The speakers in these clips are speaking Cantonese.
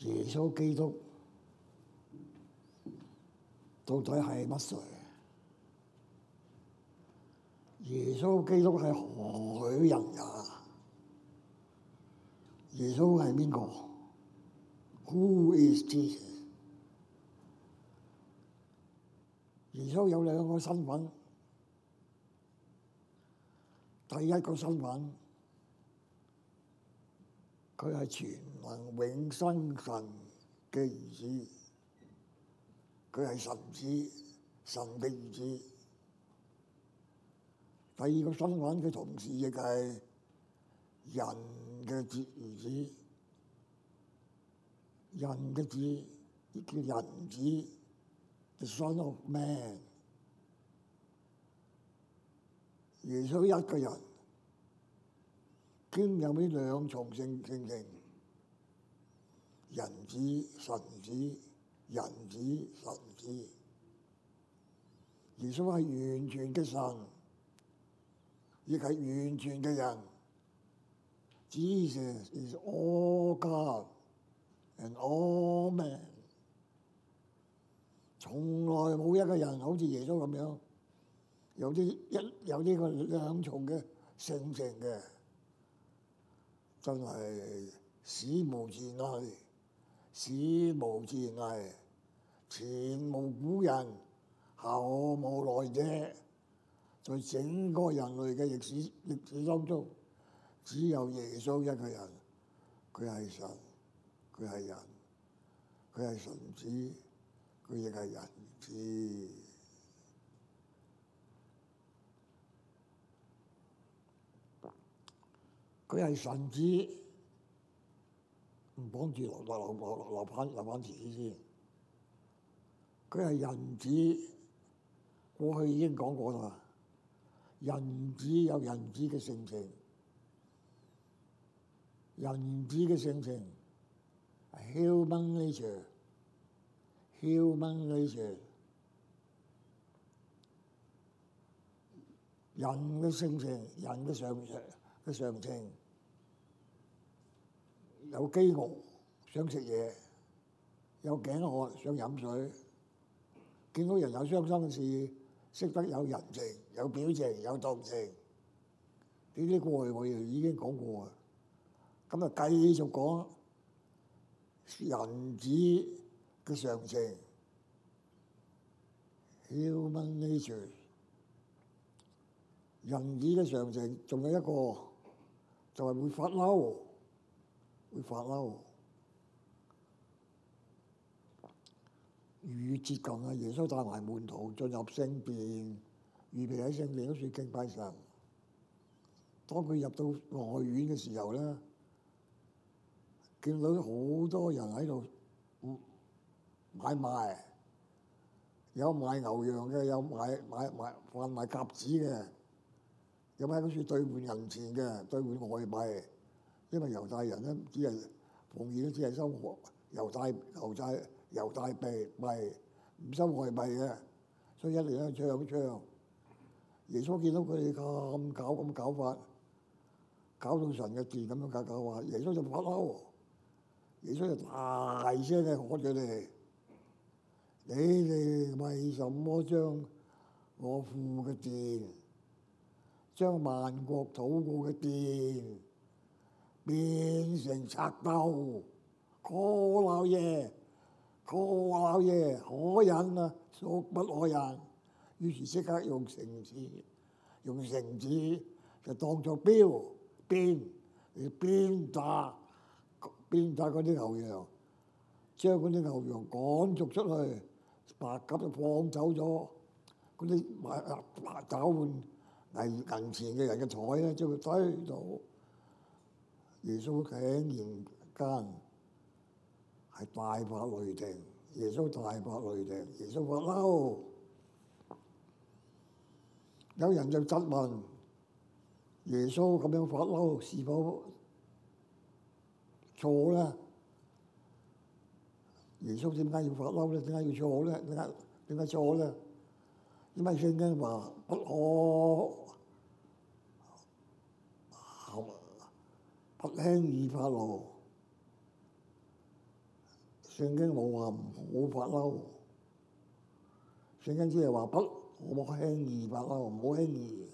耶穌基督到底係乜誰？耶穌基督係何許人呀？耶穌係邊個？Who is Jesus？耶穌有兩個身份。第一個身份。佢係全能永生神嘅兒子，佢係神子，神嘅兒子。第二個身份嘅同時亦係人嘅子兒子，人嘅子亦叫人子，the son of man，耶穌一個人。經有啲兩重性性情，人子神子，人子神子。耶穌係完全嘅神，亦係完全嘅人。Jesus is all God and all man. 從來冇一個人好似耶穌咁樣，有啲一有呢個兩重嘅性情嘅。真係史無前例，史無前例，前無古人，後無來者。在整個人類嘅歷史歷史當中，只有耶穌一個人。佢係神，佢係人，佢係神子，佢亦係人子。佢係神子，唔幫住留留留留翻留翻自己先。佢係人子，過去已經講過啦。人子有人子嘅性情，人子嘅性情係 human nature，human nature， 人嘅性情，人都上唔出。嘅常情，有飢餓想食嘢，有頸渴想飲水，見到人有傷心事，識得有人情、有表情、有同情。呢啲過去我哋已經講過啊，咁啊繼續講人子嘅常情。Human nature，人子嘅常情仲有一個。就係會發嬲，會發嬲。預節近啊，耶穌帶埋門徒進入聖殿，預備喺聖殿嗰處敬拜神。當佢入到外院嘅時候咧，見到好多人喺度買賣，有賣牛羊嘅，有賣賣賣販賣鴿子嘅。有咩講住對換銀錢嘅對換外幣？因為猶太人咧只係奉獻，只係收猶太猶太猶太幣幣，唔收外幣嘅，所以一年咧只有張。耶穌見到佢哋咁搞咁搞法，搞到神嘅殿咁樣搞搞，話耶穌就發嬲，耶穌就大聲咧講佢哋：你哋為什麼將我父嘅殿？將萬國禱告嘅殿變成賊竇，可撈嘢，可撈嘢，可忍啊，孰不可忍？於是即刻用繩子，用繩子就當作鞭，鞭鞭打，鞭打嗰啲牛羊，將嗰啲牛羊趕逐出去，白鴿就放走咗，嗰啲白白走換。啊啊。例如近前嘅人嘅枱咧，就會推倒。耶穌喺嚴間係大發雷霆，耶穌大發雷霆，耶穌發嬲。有人就質問：耶穌咁樣發嬲是否錯咧？耶穌點解要發嬲？點解要錯咧？點解點解錯咧？點解聖經話不可？不輕易發怒，聖經冇話唔好發嬲，聖經只係話不，我冇輕易發嬲，唔好輕易，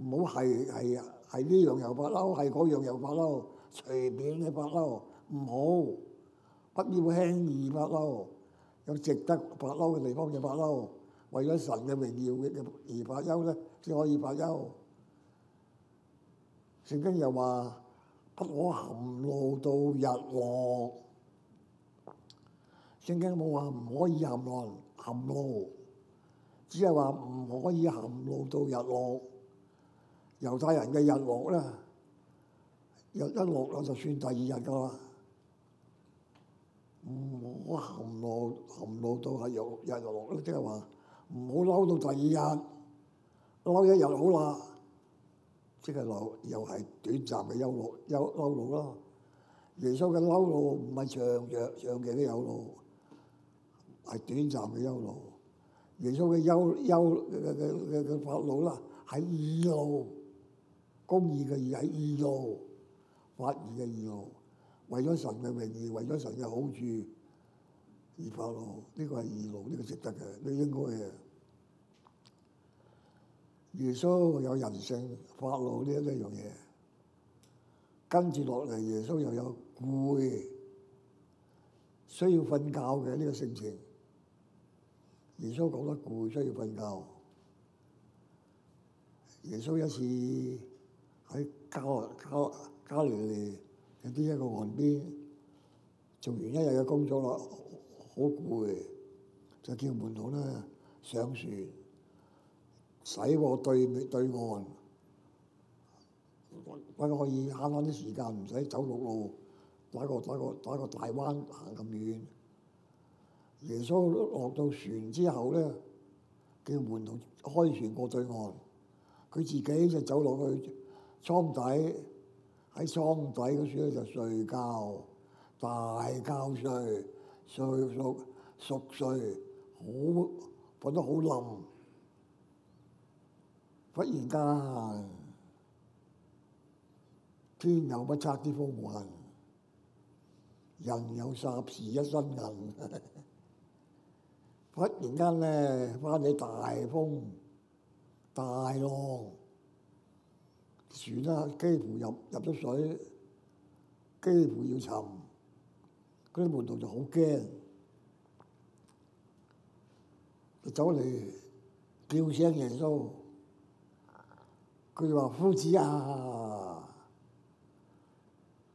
唔好係係係呢樣又發嬲，係嗰樣又發嬲，隨便你發嬲，唔好，不要輕易發嬲，有值得發嬲嘅地方就發嬲，為咗神嘅榮耀嘅而發嬲咧，先可以發嬲。聖經又話：不可含怒到日落。聖經冇話唔可以含怒，含怒，只係話唔可以含怒到日落。猶太人嘅日落咧，日一落啦，就算第二日噶啦。唔可含怒，含怒到係日日落，即係話唔好嬲到第二日，嬲一日好啦。即係路又係短暫嘅憂怒、幽陋路咯。耶穌嘅憂怒唔係長約長嘅啲憂怒，係短暫嘅憂怒。耶穌嘅幽幽嘅嘅嘅嘅發怒啦，係義怒，公義嘅義係義怒，法義嘅義怒，為咗神嘅名義，為咗神嘅好處而發怒。呢、這個係義怒，呢、這個值得嘅。你、這個、應該嘅。耶穌有人性、發怒呢一樣嘢，跟住落嚟，耶穌又有攰，需要瞓覺嘅呢個性情。耶穌講得攰，需要瞓覺。耶穌一次喺加勒加勒加利利嘅一個岸邊，做完一日嘅工作咯，好攰，就叫門徒咧上船，使過對對岸，為可以慳翻啲時間，唔使走陸路，打個打個打個大灣行咁遠。耶穌落到船之後咧，叫門徒開船過對岸，佢自己就走落去倉底，喺倉底嗰處咧就睡覺，大覺睡，睡熟熟睡，好瞓得好冧。忽然間，天有不測之風雲，人有霎時一身蟻。 忽然間咧，翻起大風、大浪，船啦，幾乎入入咗水，幾乎要沉。嗰啲門徒就好驚，就走嚟叫聲耶穌。佢哋話：夫子啊，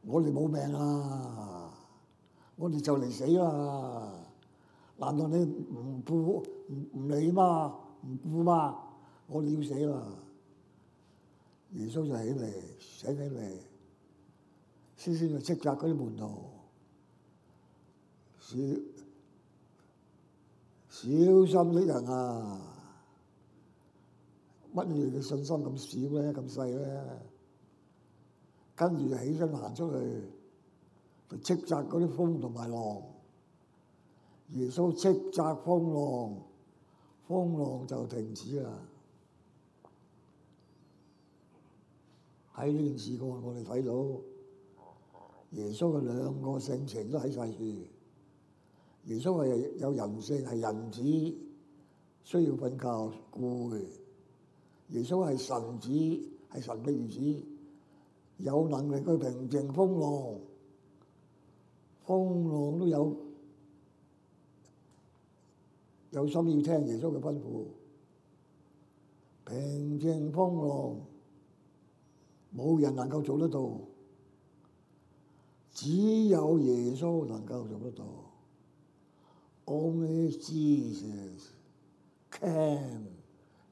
我哋冇命啦，我哋就嚟死啦！難道你唔顧唔唔理嘛？唔顧嗎？我哋要死啦！耶穌就起嚟，醒起嚟，師先就斥責嗰啲門徒：「小心啲人啊！乜嘢嘅信心咁少咧？咁細咧？跟住就起身行出去，斥責嗰啲風同埋浪。耶穌斥責風浪，風浪就停止啦。喺呢件事個我哋睇到，耶穌嘅兩個性情都喺晒住：耶穌係有人性，係人子，需要瞓覺攰。耶穌係神子，係神秘如此有能力去平靜風浪，風浪都有有心要聽耶穌嘅吩咐，平靜風浪，冇人能夠做得到，只有耶穌能夠做得到。Only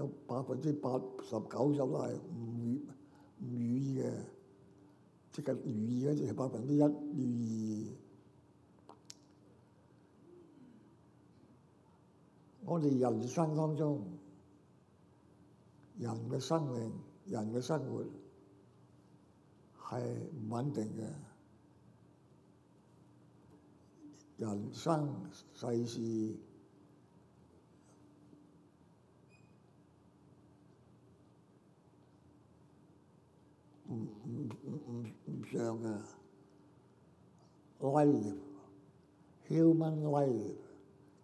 有百分之八十九十都係唔如唔如意嘅，即係如意嘅就係百分之一如意。我哋人生當中，人嘅生命、人嘅生活係唔穩定嘅，人生世事。唔唔唔唔上嘅，life, human life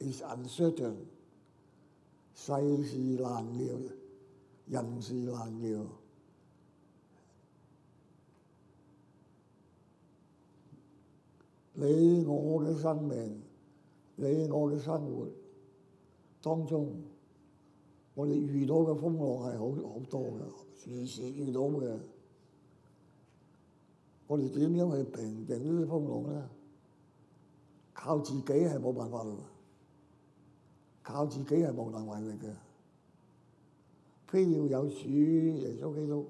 is uncertain。世事難料，人事難料。你我嘅生命，你我嘅生活當中，我哋遇到嘅風浪係好好多嘅，時時遇到嘅。我哋點樣去平靜呢啲風浪咧？靠自己係冇辦法，靠自己係無能為力嘅，非要有主耶穌基督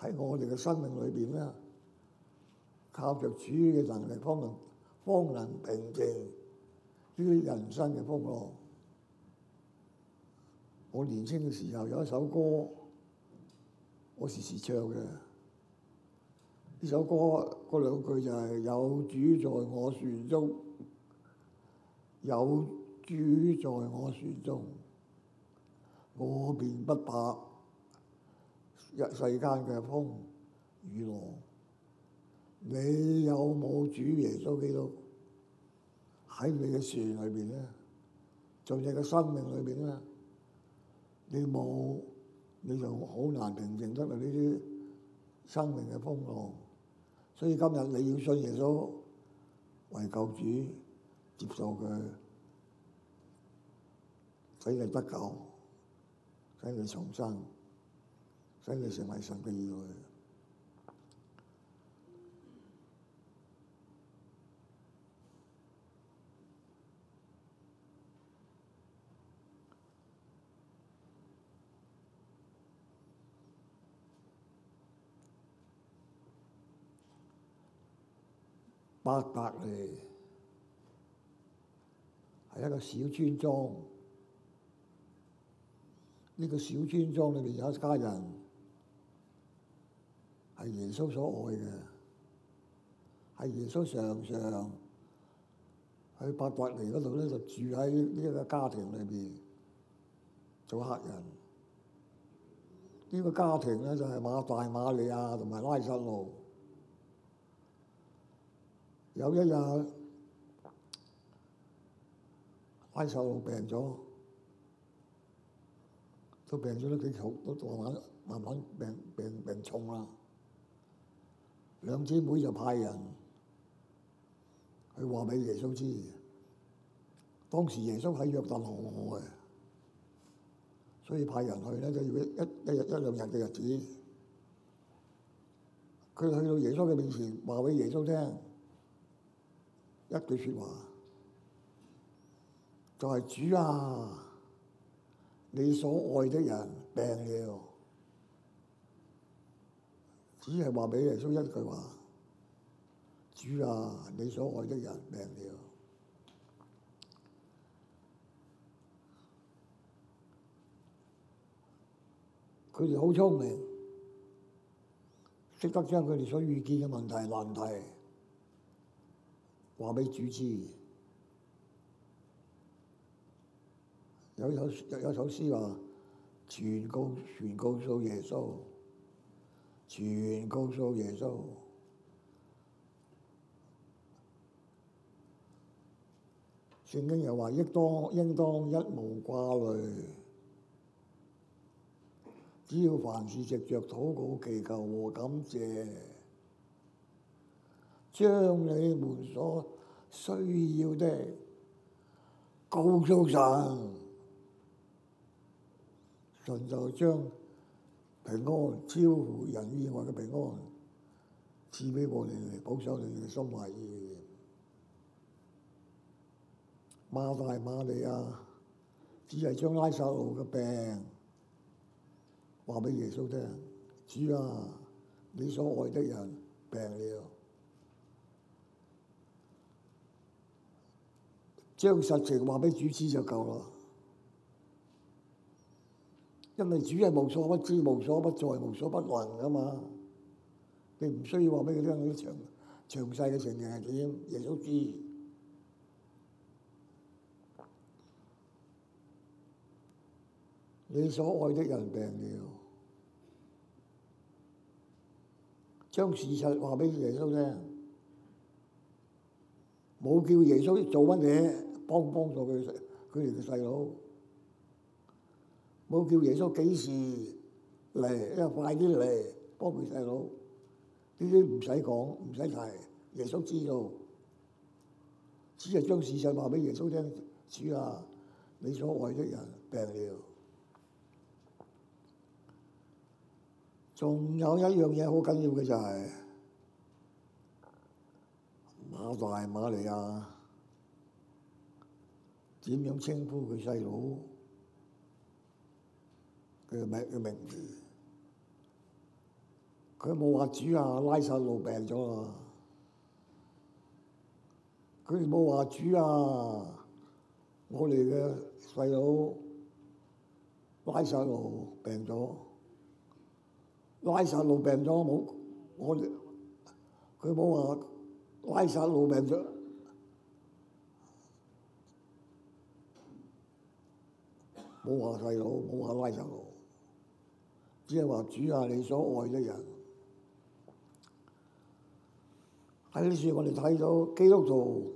喺我哋嘅生命裏邊咧，靠着主嘅能力方能方能平靜呢啲人生嘅風浪。我年輕嘅時候有一首歌，我時時唱嘅。呢首歌嗰兩句就係、是、有主在我船中，有主在我船中，我便不怕一世間嘅風雨浪。你有冇主耶穌基督喺你嘅船裏邊咧？在你嘅生命裏邊咧？你冇，你就好難平靜得嚟呢啲生命嘅風浪。所以今日你要信耶穌，為救主接受佢，使你得救，使你重生，使你成為神嘅兒女。伯大尼，係一個小村莊。呢、這個小村莊裏面有一家人，係耶穌所愛嘅，係耶穌常常喺伯大尼嗰度咧，就住喺呢個家庭裏邊做客人。呢、這個家庭咧就係馬大、馬利亞同埋拉撒路。有一日，拉撒路病咗，都病咗都幾重，都慢慢慢慢病病病重啦。兩姊妹就派人去話俾耶穌知，當時耶穌喺約旦河外，所以派人去咧，就要一一日一兩日嘅日子，佢去到耶穌嘅面前話俾耶穌聽。一句說話，就係、是、主啊，你所愛的人病了，只係話俾耶穌一句話：主啊，你所愛的人病了。佢哋好聰明，識得將佢哋所遇見嘅問題、難題。話俾主知，有一有有首詩話，全告全告訴耶穌，全告訴耶穌。聖經又話，應當應當一無掛慮，只要凡事藉著禱告祈求和感謝，將你們所需要的告訴神，神就將平安超乎人意外嘅平安賜俾我哋嚟保守你哋嘅心懷意念。馬大馬利亞只係將拉撒路嘅病話俾耶穌聽：主啊，你所愛的人病了。將實情話俾主知就夠咯，因為主係無所不知、無所不在、無所不能噶嘛，你唔需要話俾佢聽詳詳細細嘅情形係點樣，耶穌知。你所愛的人病了，將事實話俾耶穌聽，冇叫耶穌做乜嘢。幫幫助佢佢哋嘅細佬，冇叫耶穌幾時嚟？因為快啲嚟幫佢細佬，呢啲唔使講，唔使提。耶穌知道，只係將事實話俾耶穌聽。主啊，你所愛的人病了。仲有一樣嘢好緊要嘅就係、是、馬大馬利亞。點樣稱呼佢細佬？佢嘅名，佢名字。佢冇話主啊，拉撒路病咗啊！佢冇話主啊，我哋嘅細佬拉撒路病咗，拉撒路病咗冇？我哋，佢冇話拉撒路病咗。冇話細佬，冇話拉撒路，只係話主啊！你所愛的人，喺呢處我哋睇到基督徒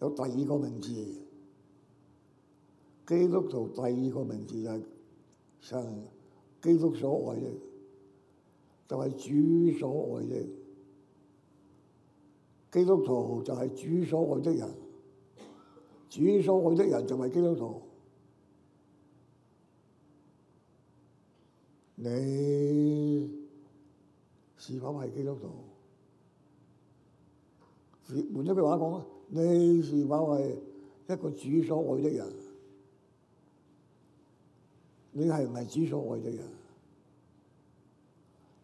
有第二個名字，基督徒第二個名字就係神基督所愛的就係、是、主所愛的。基督徒就係主所愛的人，主所愛的人就係基督徒。你是否係基督徒？換一句話講，你是否係一個主所愛的人？你係唔係主所愛的人？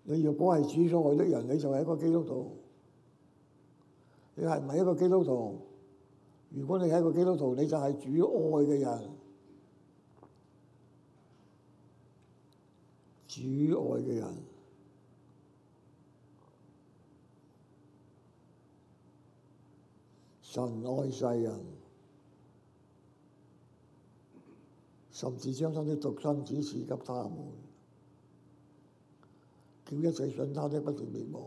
你若果係主所愛的人，你就係一個基督徒。你係唔係一個基督徒？如果你係一個基督徒，你就係主愛嘅人。主愛嘅人，神愛世人，甚至將他的獨生子賜給他們，叫一切信他的，不致滅亡，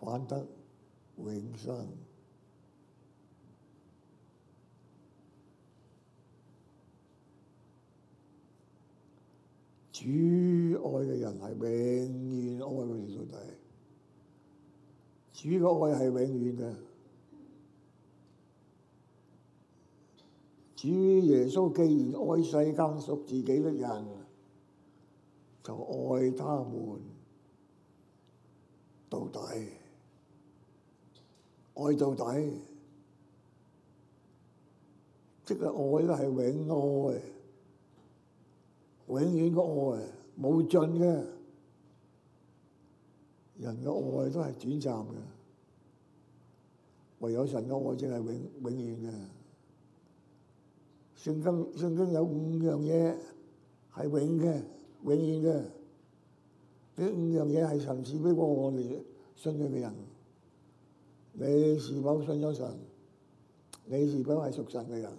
反得永生。主愛嘅人係永遠愛佢哋到底。主嘅愛係永遠嘅。主耶穌既然愛世間屬自己嘅人，就愛他們到底，愛到底，即係愛都係永愛嘅。永遠個愛冇盡嘅，人嘅愛都係短暫嘅，唯有神嘅愛真係永永遠嘅。聖經，聖經有五樣嘢係永嘅，永遠嘅。呢五樣嘢係神賜俾過我哋信佢嘅人。你是否信咗神？你是否係屬神嘅人？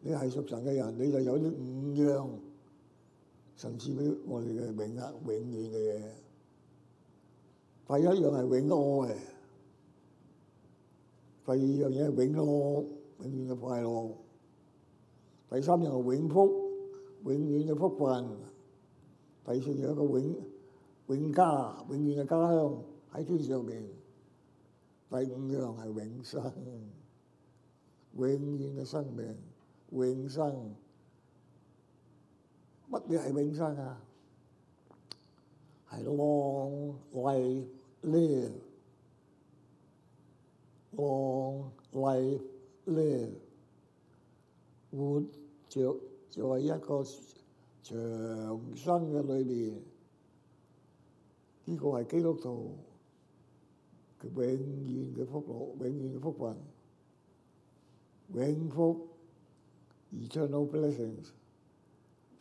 你係屬神嘅人、人，你就有呢五樣。甚至俾我哋嘅永壓、永遠嘅嘢，第一樣係永愛，第二樣嘢係永樂、永遠嘅快樂，第三樣係永福、永遠嘅福分，第四樣係永永家、永遠嘅家鄉喺天上邊，第五樣係永生、永遠嘅生命、永生。乜嘢係永生啊？係 long live，long live，活著就係一個長生嘅裏面。呢個係基督徒佢永遠嘅福樂，永遠嘅福份，永福 （eternal blessings）。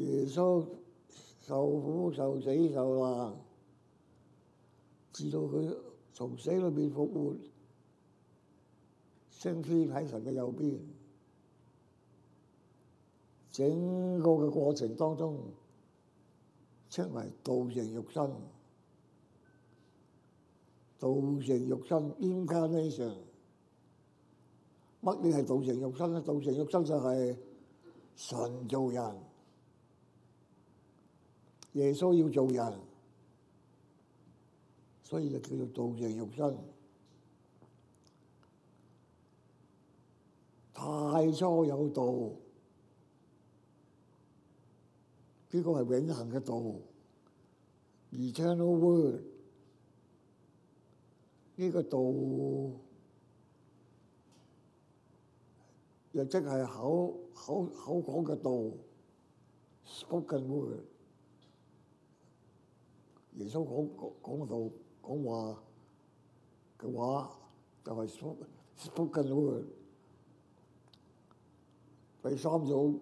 耶穌受苦受死受難，至到佢從死裏邊復活，升天喺神嘅右邊。整個嘅過程當中，稱為道成肉身。道成肉身邊間呢？上乜嘢係道成肉身咧？道成肉身就係神做人。耶穌要做人，所以就叫做道成肉身。太初有道，呢、這個係永恆嘅道。Eternal Word 呢個道，又即係口口口講嘅道，Spoken Word 耶穌講講道講話嘅話就係 spoken word。第三種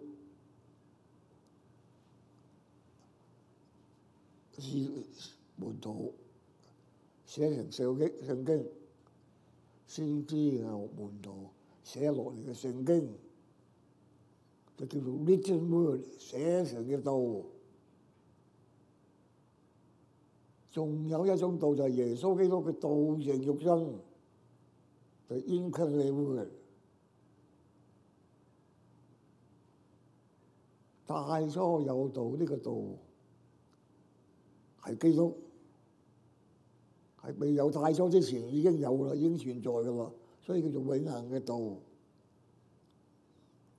門徒寫成聖經，聖經先知嘅門徒寫落嚟嘅聖經就叫做 Written Word，寫成嘅道。仲有一種道就係、是、耶穌基督，嘅「道成肉身，就恩傾利物嘅。太初有道呢、這個道，係基督，係未有太初之前已經有啦，已經存在噶啦，所以叫做永恆嘅道。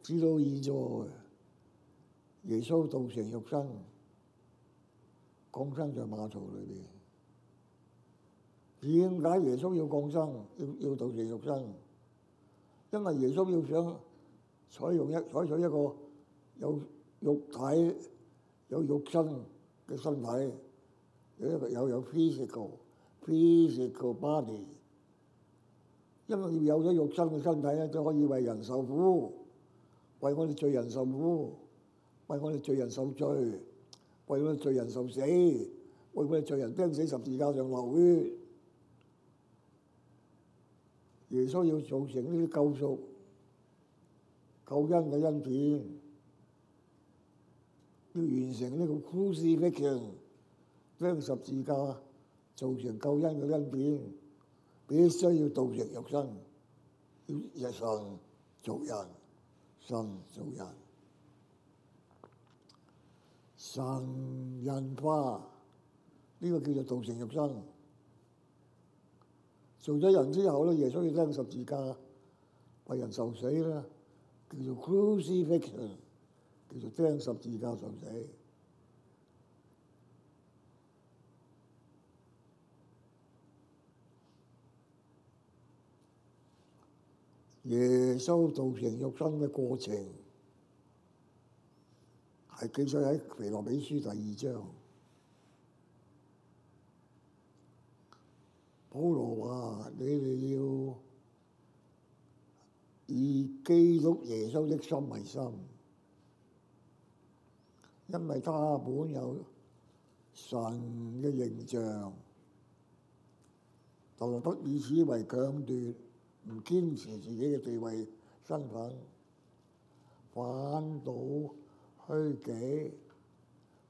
直到現在，耶穌道成肉身。降生在馬槽裏邊，點解耶穌要降生，要要道成肉身？因為耶穌要想採用一採取一個有肉體、有肉身嘅身體，有一個有 physical、physical body，因為要有咗肉身嘅身體咧，都可以為人受苦，為我哋罪人受苦，為我哋罪人受罪。為咗罪人受死，為咗罪人釘死十字架上流血，耶穌要造成呢啲救贖、救恩嘅恩典，要完成呢個 crucifixion，釘十字架，造成救恩嘅恩典，必須要道成肉身，要日常做人，神做人。神人化，呢、這個叫做道成肉身。做咗人之後咧，耶穌要釘十字架，為人受死咧，叫做 crucifix，叫做釘十字架受死。耶穌道成肉身嘅過程。係記載喺《腓立比書》第二章，保羅話：你哋要以基督耶穌的心為心，因為他本有神嘅形象，就不以此為強奪，唔堅持自己嘅地位身份，反倒。虛己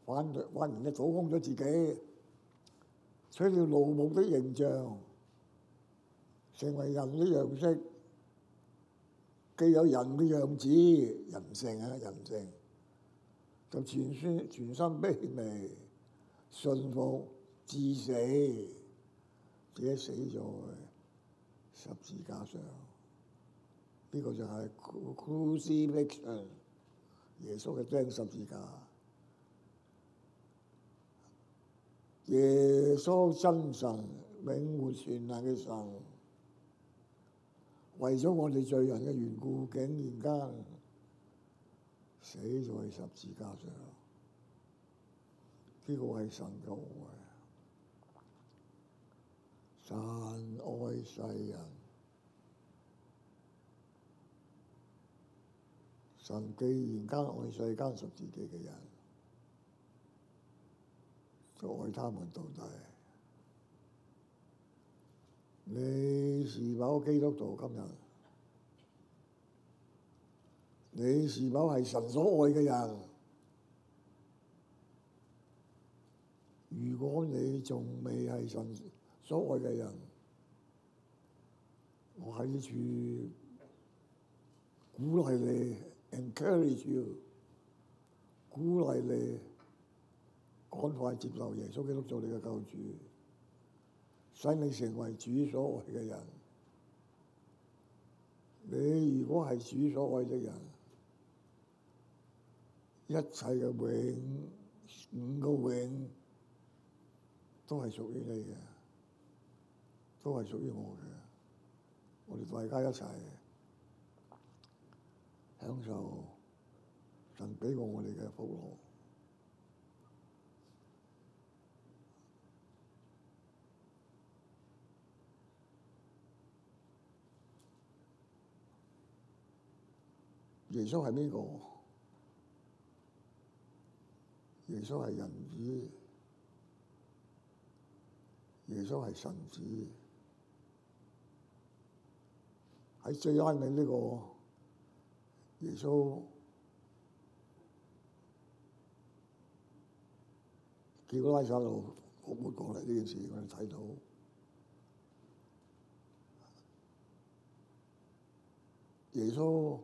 反倒，反而咧倒空咗自己，取了奴僕的形象，成為人的樣式，既有人嘅樣子，人性啊，人性，就全心全心卑微，信服至死，自己死咗喺十字架上，呢個就係 crucifixion。耶穌嘅釘十字架，耶穌真神永活全能嘅神，為咗我哋罪人嘅緣故，竟然間死在十字架上，呢個係神嘅愛，神愛世人。神既然間愛世間屬自己嘅人，就愛他們到底。你是否基督徒？今日，你是否係神所愛嘅人？如果你仲未係神所愛嘅人，我喺呢處鼓勵你。encourage you，鼓勵你趕快接受耶穌基督做你嘅救主，使你成為主所愛嘅人。你如果係主所愛嘅人，一切嘅榮，五個榮，都係屬於你嘅，都係屬於我嘅。我哋大家一齊享受神俾過我哋嘅福樂。耶穌係邊個？耶穌係人子，耶穌係神子，喺最安寧呢個。耶穌叫拉撒路慢慢過嚟呢件事，我哋睇到。耶穌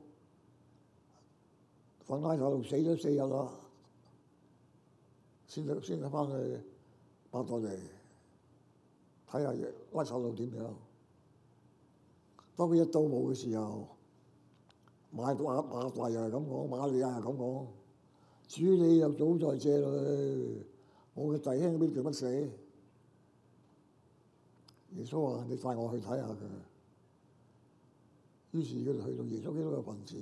放拉撒路死咗四日啦，先得先得翻去伯大尼睇下拉撒路點樣，當佢一到冇嘅時候。買到阿馬大又係咁講，馬利亞又咁講。主，你又早在這裏，我嘅弟兄邊條乜死？耶穌話：你帶我去睇下佢。於是佢就去到耶穌基督嘅墳前。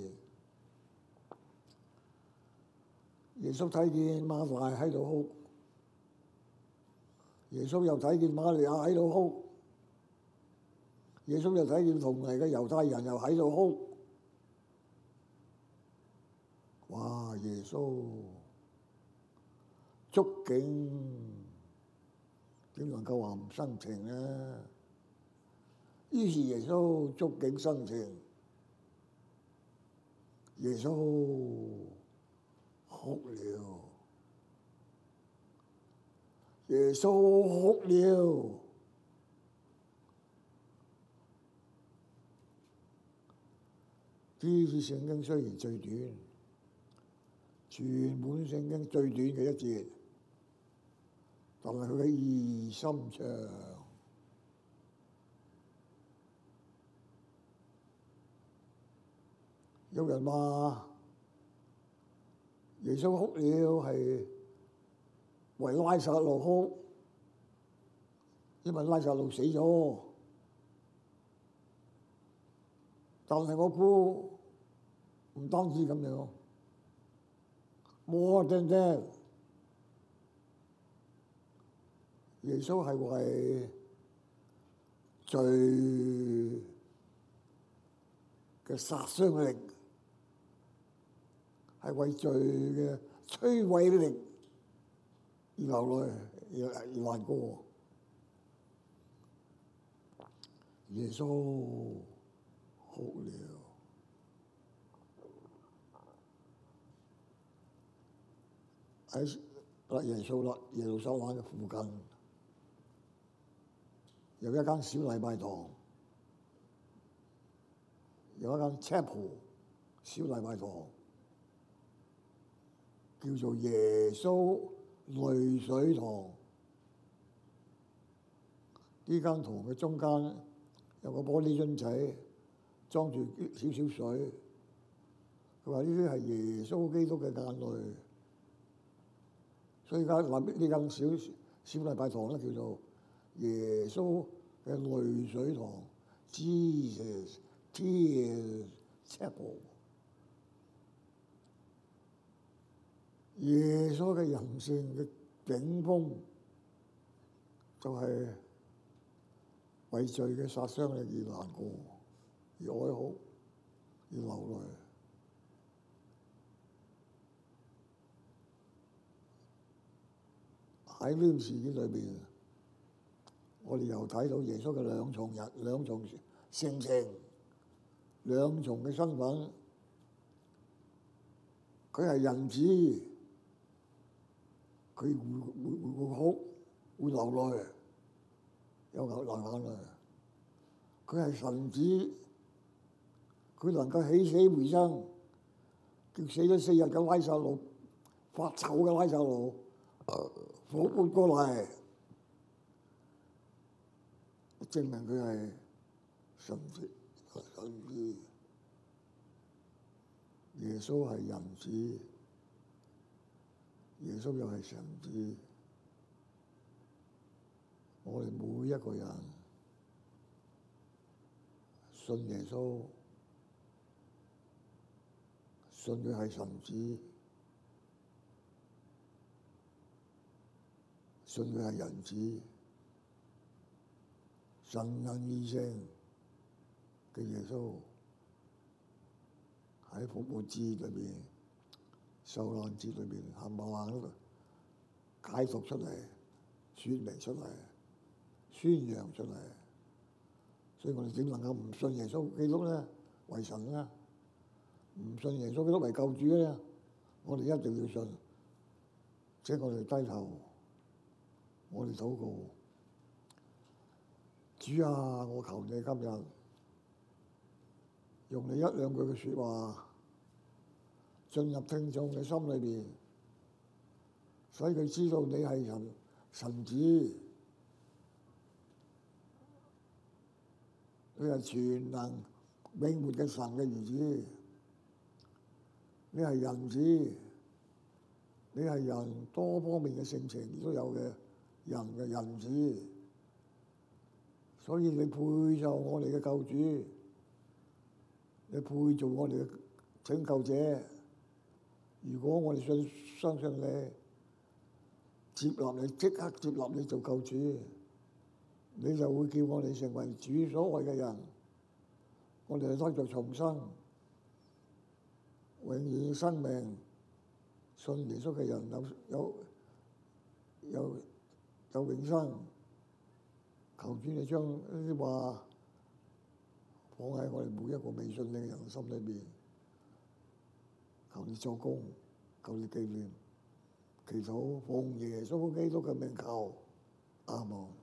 耶穌睇見馬大喺度哭，耶穌又睇見馬利亞喺度哭，耶穌又睇見同嚟嘅猶太人又喺度哭。哇！耶穌觸景，點能夠話唔生情呢？於是耶穌觸景生情，耶穌哭了，耶穌哭了。呢節聖經雖然最短。全本聖經最短嘅一節，但係佢意義深長。有人話，耶穌哭了係為拉撒路哭，因為拉撒路死咗。但係我估唔單止咁樣。more than that 耶穌係為罪嘅殺傷力，係為罪嘅摧毀力而流淚，而難過，耶穌哭了。喺特耶穌特耶路撒冷嘅附近，有一間小禮拜堂，有一間 chapel 小禮拜堂，叫做耶穌淚水堂。呢間堂嘅中間有個玻璃樽仔裝住少少水，佢話呢啲係耶穌基督嘅眼淚。最近，另外啲更少少禮拜堂咧，叫做耶穌嘅淚水堂，Jesus Tears Chapel。耶穌嘅人性嘅頂峯，就係、是、為罪嘅殺傷力而難過，而哀哭，而流淚。喺呢件事件裏邊，我哋又睇到耶穌嘅兩重人、兩重性情、兩重嘅身份。佢係人子，佢會會哭、會流淚，有流眼淚。佢係神子，佢能夠起死回生，叫死咗四日嘅拉撒路、發臭嘅拉撒路。我估過嚟證明佢係神子，神子。耶穌係人子，耶穌又係神子。我哋每一個人信耶穌，信佢係神子。信佢係人子、神恩醫生嘅耶穌喺《恐怖志》裏邊、《受難志》裏邊，冚唪唥解讀出嚟、説明出嚟、宣揚出嚟。所以我哋點能夠唔信耶穌基督咧，為神咧；唔信耶穌基督為救主咧，我哋一定要信，即係我哋低頭。我哋禱告，主啊，我求你今日用你一兩句嘅說話進入聽眾嘅心裏面，使佢知道你係神，神子，你係全能永活嘅神嘅兒子，你係人子，你係人多方面嘅性情都有嘅。人嘅人子，所以你配就我哋嘅救主，你配做我哋嘅拯救者。如果我哋信相信你，接納你，即刻接納你做救主，你就會叫我哋成為主所愛嘅人，我哋得著重生，永遠生命。信耶穌嘅人有有有。有求永生，求主你將呢啲話放喺我哋每一個未信嘅人心裏邊，求你做工，求你記念，祈禱奉耶穌基督嘅名求，阿門。